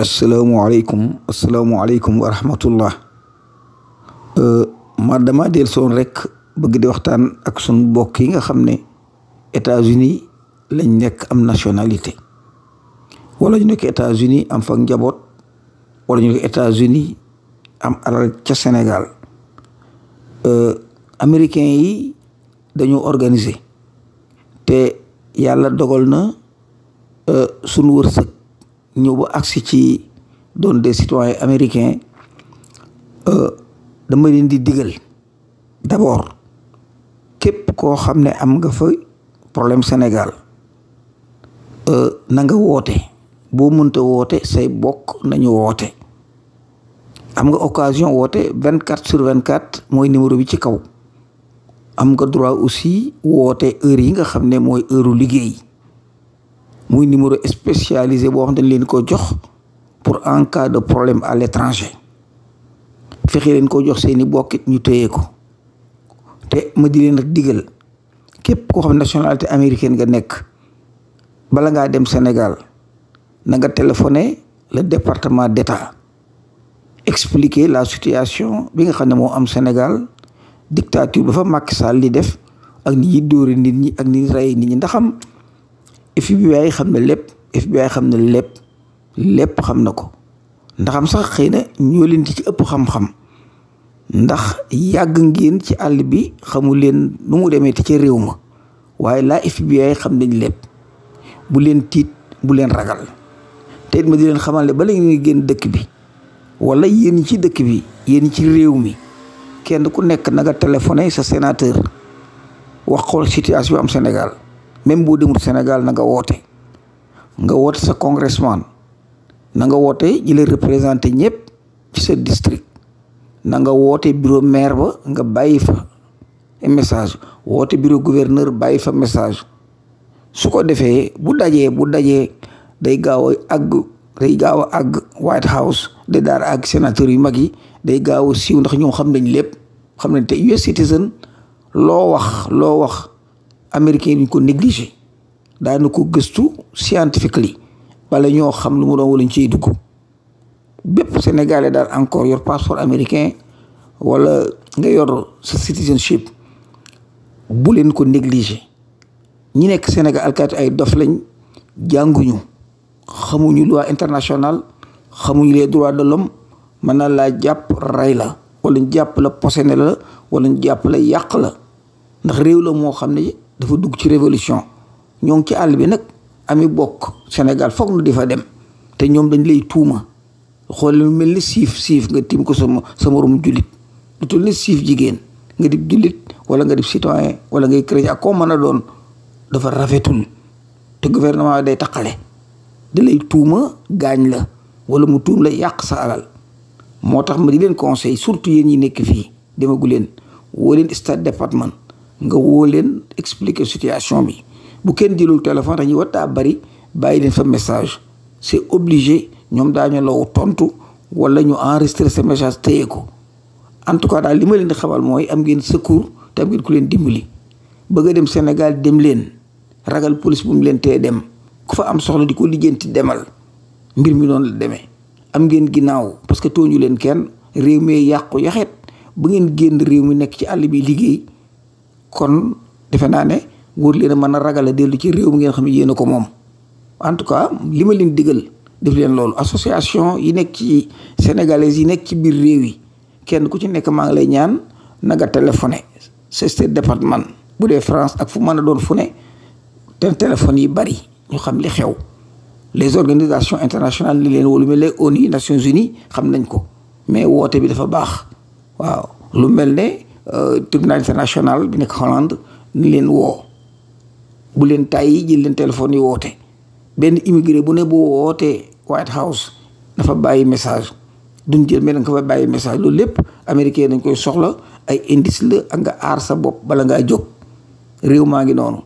asalaamualeykum asalaamualeykum wa rahmatullah ma dama del soon rek bëgg di waxtaan ak sunu mbokk yi nga xam ne États-Unis lañ nekk am nationalité wala ñu nekk États-Unis am fa njaboot wala ñu nekk États-Unis am alal ca Sénégal américain yi dañoo organiser te yàlla dogal na sunu wërsëg ñëw ba agsi ci doon des citoyens américains euh, dama leen di digal d'abord képp koo xam ne am nga fa problème Sénégal euh, na nga woote boo mënta woote say bokk nañu woote am nga occasion woote vingt quatre sur vingt quatre mooy numéro bi ci kaw am nga droit aussi woote heure yi nga xam ne mooy heure liggéey muy numéro spécialisé boo xam ne leen ko jox pour en cas de problème à l'étranger fexe leen ko jox seeni bokkit ñu téye ko te ma di leen rek digal képp koo xam nationalité américaine nga nekk bala ngaa dem Sénégal na nga téléphoné le département d'État expliquer la situation bi nga xam ne moo am Sénégal dictature ba fa makk Sall li def ak ni ñuy dóore nit ñi ak ni ñuy nit ñi ndaxam FBI xam na lépp FBI xam na lépp lépp xam na ko ndaxam sax xëy na ñoo leen di ci ëpp xam-xam ndax yàgg ngéen ci àll bi xamu leen nu mu demee te ca réew ma waaye laa FBI xam nañ lépp bu leen tiit bu leen ragal te it ma di leen xamal ne bala ngeen génn dëkk bi wala yéen ci dëkk bi yéen ci réew mi kenn ku nekk na nga téléphoné sa sénateur wax ko situation bi am senegal même boo demul Sénégal nanga woote nga woote sa congressman na nga woote ñi lay représenté ñëpp ci sa district na nga woote bureau maire ba nga bàyyi fa message woote bureau gouverneur bàyyi fa message su ko defee bu dajee bu dajee day gaaw a day gaaw a àgg White House day daar àgg sénateur yu mag yi day gaaw a siiw ndax ñoom xam nañ lépp xam nañ te US citizen loo wax loo wax américain duñ ko négligé daana ko gëstu scientifique li bala ñoo xam lu mu doon wala ciy dugg bépp daal encore yor passeport américain wala nga yor sa citizenship bu leen ko négligé ñi nekk Sénégal alkaati ay dof lañ jànguñu xamuñu loi internationale xamuñu les droits de l'homme mën na laa jàpp rey la wala ñu la posene la wala ñu jàpp la yàq la ndax réew la moo xam ne dafa dugg ci révolution ñoo ngi ci àll bi nag ami bokk Sénégal foog nu di fa dem te ñoom dañ lay tuuma xool lu mel ni siif siif nga tiim ko sama sa morom jullit lu toll ni siif jigéen nga di jullit wala nga dib citoyen wala ngay chrétien ak koo mën a doon dafa rafetul te gouvernement day taqale da lay tuuma gaañ la wala mu tuum la yàq sa alal moo tax ma di leen conseil surtout yéen yi nekk fii demagu leen woo leen stade département nga woo leen expliquer situation bi bu kenn jëlul téléphone dañuy war daa bari bàyyi leen fa message c'est obligé ñoom daañu law tontu wala ñu enregistrer sa message téye ko en tout cas daal li ma leen di xamal mooy am ngeen secours te am ngeen ku leen dimbali bëgg a dem Sénégal dem leen ragal police bu mu leen te dem ku fa am soxla di ko lijjanti demal mbir mi noonu la demee am ngeen ginnaaw parce que tooñu leen kenn réew mi yàqu yaxet bu ngeen génn réew mi nekk ci àll bi liggéey kon defe naa ne wóor leen a mën a ragal a dellu ci réew mi ngeen xam ne yéen ko moom en tout cas li ma leen digal def leen loolu association yi nekk ci sénégalais yi nekk ci biir réew yi kenn ku ci nekk maa ngi lay ñaan naga téléphoné c'est département bu dee France ak fu mën a doon fu ne te téléphone yi bari ñu xam li xew les organisations internationales li leen wóolu mel ne ONU Nations Unies xam nañ ko mais woote bi dafa baax waaw lu mel ne Euh, tribunal international bi nekk Hollande ni leen woo bu leen tàyyi jël leen téléphone yi woote benn immigré bu ne boo wootee White House dafa bàyyi message duñ jël mais da nga fa bàyyi message loolu lépp américain dañ koy soxla ay indice la ak nga aar sa bopp bala ngaa jóg réew maa ngi noonu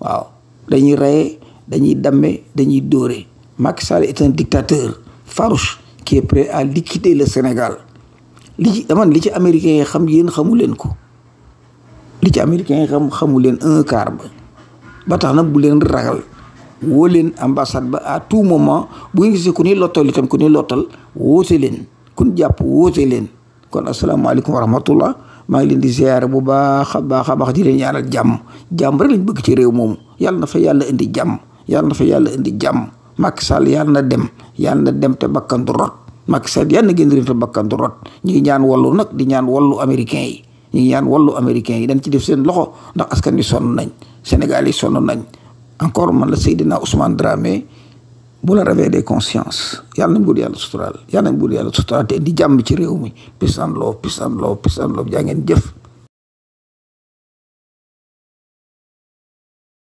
waaw dañuy reye dañuy damme dañuy dóore Macky Sall est un dictateur farouche qui est prêt à liquider Sénégal li ci man li ci américains yi xam yéen xamu leen ko li ci américains yi xam xamu leen un quart ba ba tax nag bu leen ragal woo leen ambassade ba à tout moment bu ngeen gisee ku ni lottal itam ku ni lottal woote leen kon jàpp woote leen kon asalaamaaleykum wa rahmatullah maa ngi leen di ziare bu baax a baax a baax di leen ñaanal jàmm jàmm rek lañ bëgg ci réew moomu yàlla na fa yàlla indi jàmm yàlla na fa yàlla indi jàmm Macky Sall yàlla na dem yàlla na dem te bakkan du rot Macky Sall yan na génn réew te bakkan du rot ñu ñaan wallu nag di ñaan wallu américain yi ñu ngi ñaan wallu américain yi dañ ci def seen loxo ndax askan wi sonn nañ Sénégal yi sonn nañ encore man la Seydina Ousmane Dramé bu la réveil des consciences yàlla nañ buur yàlla suturaal yàlla nañ buur yàlla suturaal te indi jàmm ci réew mi pisan loo pisan loo pisan loo jaa ngeen jëf